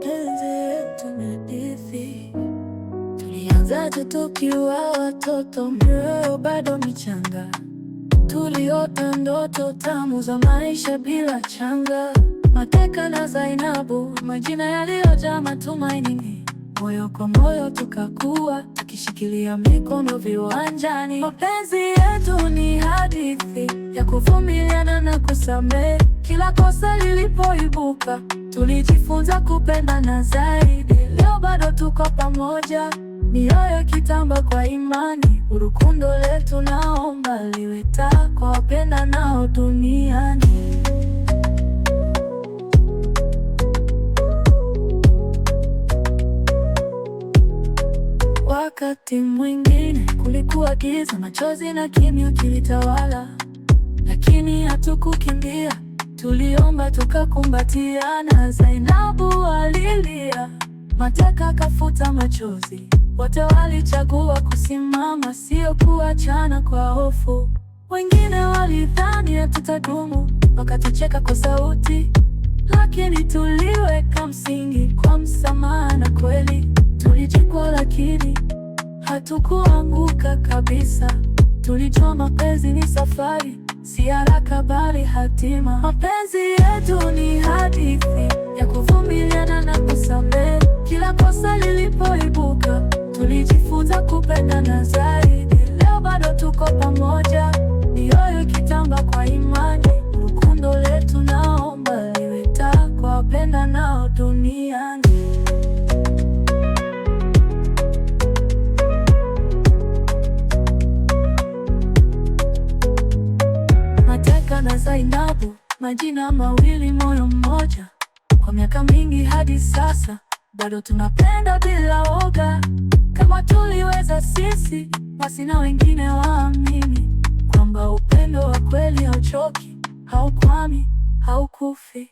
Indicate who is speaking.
Speaker 1: mapenzi yetu hadithi. Tulianza tukiwa watoto, mioyo bado michanga, tuliota ndoto tamu za maisha bila changa. Mateka na Zainabu, majina yaliyojaa matumaini, moyo kwa moyo tukakuwa tukishikilia mikono viwanjani. Mapenzi yetu ni hadithi ya kuvumiliana na kusamehe. Kila kosa lilipoibuka, tulijifunza kupendana zaidi. Leo bado tuko pamoja, mioyo kitamba kwa imani. Urukundo letu naomba liwe taa kwa wapenda nao duniani. Wakati mwingine kulikuwa giza, machozi na kimya kilitawala, lakini hatukukimbia, tuliomba, tukakumbatiana. Zainabu alilia, Mataka kafuta machozi. Wote walichagua kusimama, sio kuachana kwa hofu. Wengine walidhani hatutadumu, wakatucheka kwa sauti, lakini tuliwe hatukuanguka kabisa. Tulijua mapenzi ni safari, si haraka bali hatima. Mapenzi yetu ni hadithi ya kuvumiliana na kusamehe. Kila kosa lilipoibuka, tulijifunza kupendana. na Zainabu, majina mawili moyo mmoja. Kwa miaka mingi hadi sasa bado tunapenda bila oga Kama tuliweza sisi, basi na wengine waamini kwamba upendo wa kweli hauchoki, haukwami, haukufi.